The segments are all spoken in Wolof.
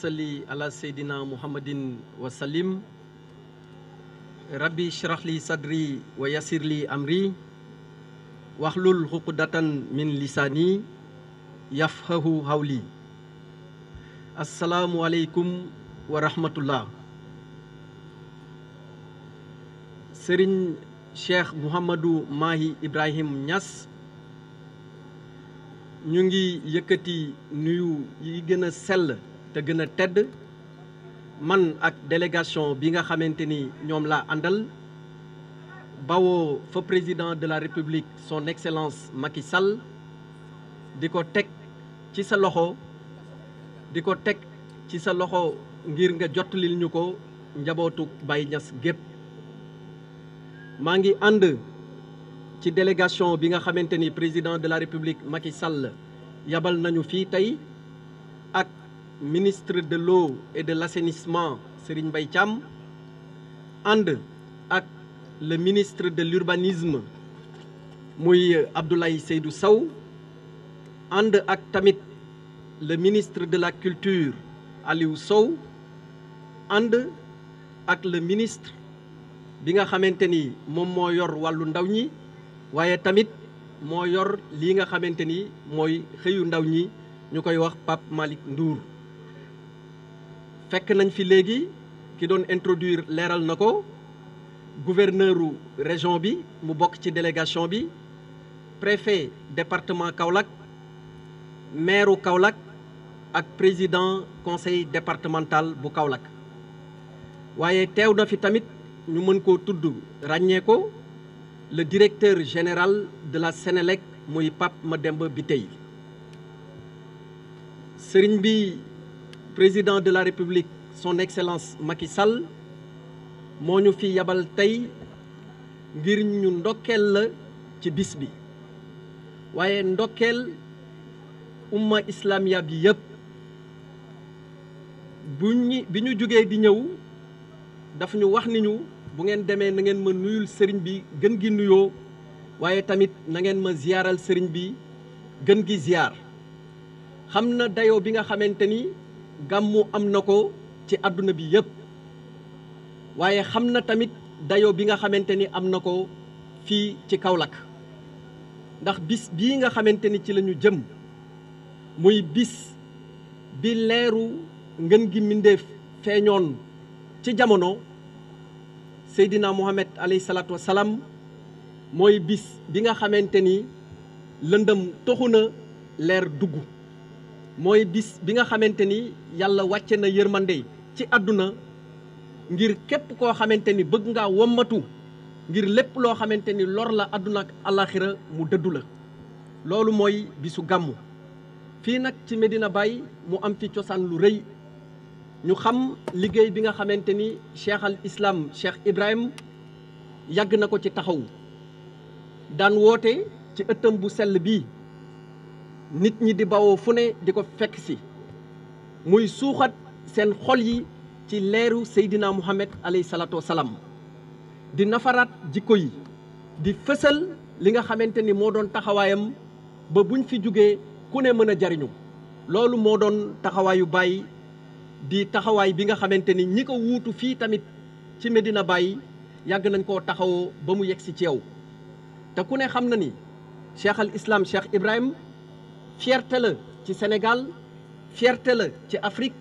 salli ala seydina muhammadin wa sallim rabbi shrah li sadri li amri waxlul xuqdatan sëriñ cheikh mouhamadou mahi ibrahim ñas ñu ngi yëkkati nuyu yi gën a sell te gën a tedd man ak délégation bi nga xamante ni ñoom laa àndal bawoo fa président de la république son excellence Macky Sall di ko teg ci sa loxo di ko teg ci sa loxo ngir nga jottalil ñu ko njabootu Baye Niass gépp maa ngi ànd ci délégation bi nga xamante ni président de la république Macky Sall yabal nañu fii tey ministre de l'eau et de l'assainissement Serigne bay càmm ànd ak le ministre de l'urbanisme muy Abdoulaye Seydou Sow ànd ak tamit le ministre de la culture Aliou Sow ànd ak le ministre bi nga xamante ni moom moo yor wàllu ndaw ñi waaye tamit moo yor lii nga xamante ni mooy xëyu ndaw ñi ñu koy wax Pape Malick Ndour fekk nañ fi léegi ki doon introduire leeral na ko gouverneuru région bi mu bokk ci délégation bi préfet département Kaolack maireu Kaolack ak président conseil départemental bu Kaolack waaye teew na fi tamit ñu mën koo tudd ràññee ko le directeur général de la Sénélec muy Pape Mademba Bitèye sëriñ bi président de la république son excellence Macky Sall moo ñu fi yabal tey ngir ñu ndokkeel la ci bis bi waaye ndokkeel umma islamiya bi yëpp bu ñu jógee di ñëw daf ñu wax ni ñu bu ngeen demee na ngeen ma nuyul sëriñ bi gën gi nuyoo waaye tamit na ngeen ma ziyaaral sëriñ bi gën gi ziyaar xam na dayoo bi nga xamante ni gàmmu am na ko ci àdduna bi yëpp waaye xam na tamit dayo bi nga xamante ni am na ko fii ci Kaolack ndax bis bii nga xamante ni ci lañu jëm muy bis bi leeru ngën gi mbindeef feeñoon ci jamono Seydina Muhammad alayhi salaatu wasalaam mooy bis bi nga xamante ni lëndëm toxu na leer dugg mooy bis bi nga xamante ni yàlla wàcce na yërmande ci àdduna ngir képp koo xamante ni bëgg nga wommatu ngir lépp loo xamante ni lor la àdduna ak alaxira mu dëddu la loolu mooy bisu gàmmu fii nag ci Medina Baye mu am fi cosaan lu rëy ñu xam liggéey bi nga xamante ni cheikh islaam islam cheikh Ibrahim yàgg na ko ci taxaw daan woote ci ëttam bu sell bii nit ñi di bawoo fu ne di ko fekk si muy suuxat seen xol yi ci leeru Seydina Muhammad alay salaatu salaam di nafaraat jikko yi di fësal li nga xamante ni moo doon taxawaayam ba buñ fi jóge ku ne mën a jariñu loolu moo doon taxawaayu Baye di taxawaay bi nga xamante ni ñi ko wuutu fii tamit ci Medina bàyyi yàgg nañ ko taxawoo ba mu yegg si ci yow te ku ne xam na ni cheikh al islam cheikh Ibrahim fierté la ci Sénégal fierté la ci Afrique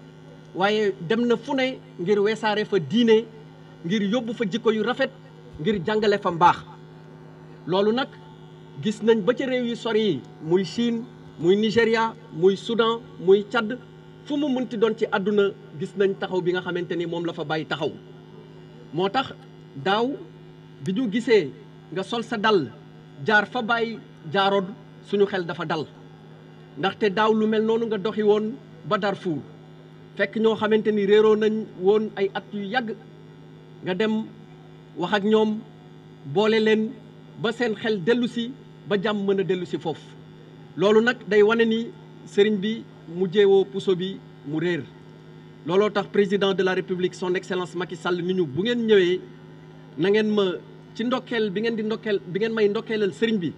waaye dem na fu ne ngir weesaare fa diine ngir yóbbu fa jikko yu rafet ngir jàngale fa mbaax loolu nag gis nañ ba ca réew yu sori yi muy Chine muy Nigéria muy Soudan muy Tchad fu mu mënti doon ci àdduna gis nañ taxaw bi nga xamante ni moom la fa bàyyi taxaw moo tax daaw bi ñu gisee nga sol sa dal jaar fa bàyyi jaaroon suñu xel dafa dal ndaxte daaw lu mel noonu nga doxi woon ba Darfour fekk ñoo xamante ni réeroo nañ woon ay at yu yàgg nga dem wax ak ñoom boole leen ba seen xel dellu si ba jàmm mën a dellu si foofu loolu nag day wane ni sëriñ bi mu jéewoo puso bi mu réer looloo tax président de la république son excellence Macky Sall ni ñu bu ngeen ñëwee na ngeen ma ci ndokkeel bi ngeen di ndokkeel bi ngeen may ndokkeelal sëriñ bi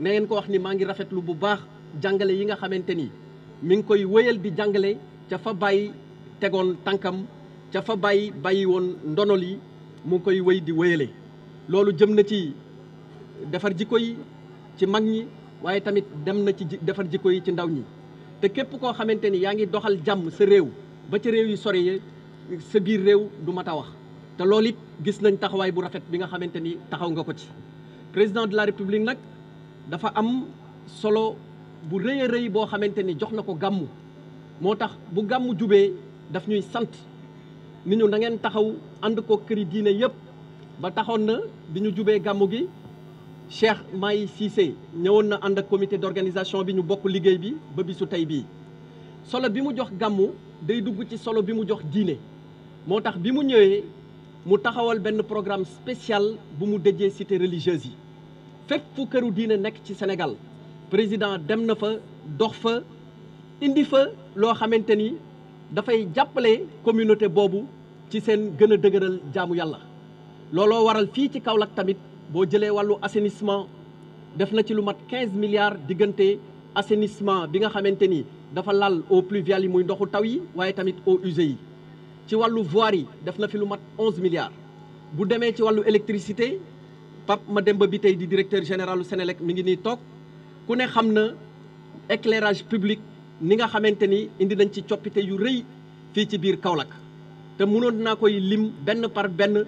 na ngeen ko wax ni maa ngi rafetlu bu baax jàngale yi nga xamante ni mi ngi koy wéyal bi jàngale ca fa bàyyi tegoon tànkam ca fa bàyyi bàyyi woon ndonol yi mu ngi koy wéy di wéyale loolu jëm na ci defar jikko yi ci mag ñi waaye tamit dem na ci defar jikko yi ci ndaw ñi te képp koo xamante ni yaa ngi doxal jàmm sa réew ba ca réew yi sore yi sa biir réew du mat a wax te loolu it gis nañ taxawaay bu rafet bi nga xamante ni taxaw nga ko ci président de la république nag dafa am solo bu rëy rëy boo xamante ni jox na ko gàmmu moo tax bu gàmmu jubee daf ñuy sant ni ñu da ngeen taxaw ànd ko këri diine yëpp ba taxoon na bi ñu jubee gàmmu gi Cheikh Mahi Cissé ñëwoon na ànd ak comité d'organisation bi ñu bokk liggéey bi ba bisu tey bii solo bi mu jox gàmmu day dugg ci solo bi mu jox diine moo tax bi mu ñëwee mu taxawal benn programme spécial bu mu dëjee cité religieuse yi fépp fu këru diine nekk ci senegal président dem na fa dox fa indi fa loo xamante ni dafay jàppale communauté boobu ci seen gën a dëgëral jaamu yàlla. looloo waral fii ci Kaolack tamit boo jëlee wàllu assainissement def na ci lu mat 15 milliards diggante assainissement bi nga xamante ni dafa lal eaux pluviales yi muy ndoxu taw yi waaye tamit eaux usées yi. ci wàllu voirie yi def na fi lu mat 11 milliards bu demee ci wàllu électricité. Pape Mademba bi tey di directeur général senelek Sénélec mi ngi nii toog ku ne xam na éclairage public ni nga xamante ni indi nañ ci coppite yu rëy fii ci biir Kaolack te mënoon naa koy lim benn par benn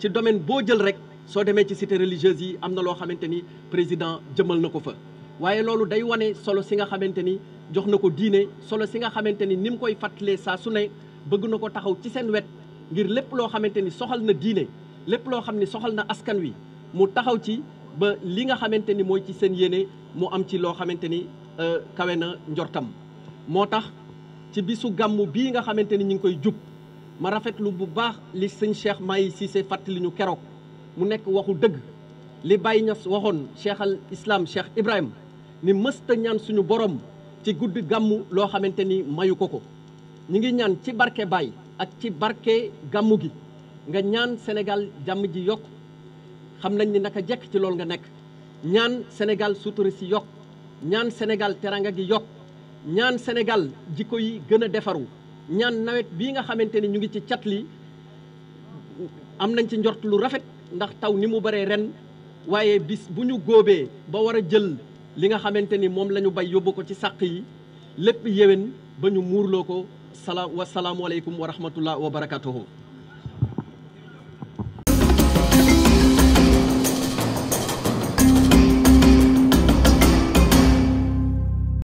ci domaine boo jël rek soo demee ci cité religieuse yi am na loo xamante ni président jëmal na ko fa. waaye loolu day wane solo si nga xamante ni jox na ko diine solo si nga xamante ni nim koy fàttalee saa su ne bëgg na ko taxaw ci seen wet ngir lépp loo xamante ni soxal na diine lépp loo xam ni soxal na askan wi. mu taxaw ci ba li nga xamante ni mooy ci seen yéene mu am ci loo xamante ni euh, kawe na njortam moo tax ci bisu gàmmu bi nga xamante ni ñu ngi koy jub ma rafetlu bu baax li sëñ Cheikh Mahi Cissé fàttali ñu keroog mu nekk waxu dëgg li Baye Niass waxoon Cheikh islaam Islam Cheikh Ibrahim ni mësta ñaan suñu borom ci guddi gàmmu loo xamante ni mayu ko ko ñu ngi ñaan ci barke Baye ak ci barke gàmmu gi nga ñaan Sénégal jàmm ji yokk xam nañ ni naka jekk ci loolu nga nekk ñaan Sénégal sutura si yokk ñaan senegal teranga gi yokk ñaan Sénégal jikko yi gën a defaru ñaan nawet bi nga xamante ni ñu ngi ci cat li am nañ ci njort lu rafet ndax taw ni mu baree ren waaye bis bu ñu góobee ba war a jël li nga xamante ni moom la ñu bay yóbbu ko ci sàq yi lépp yéwén ba ñu muurloo ko salaam wasalaamualeykum wa rahmatullah wa barakatuhu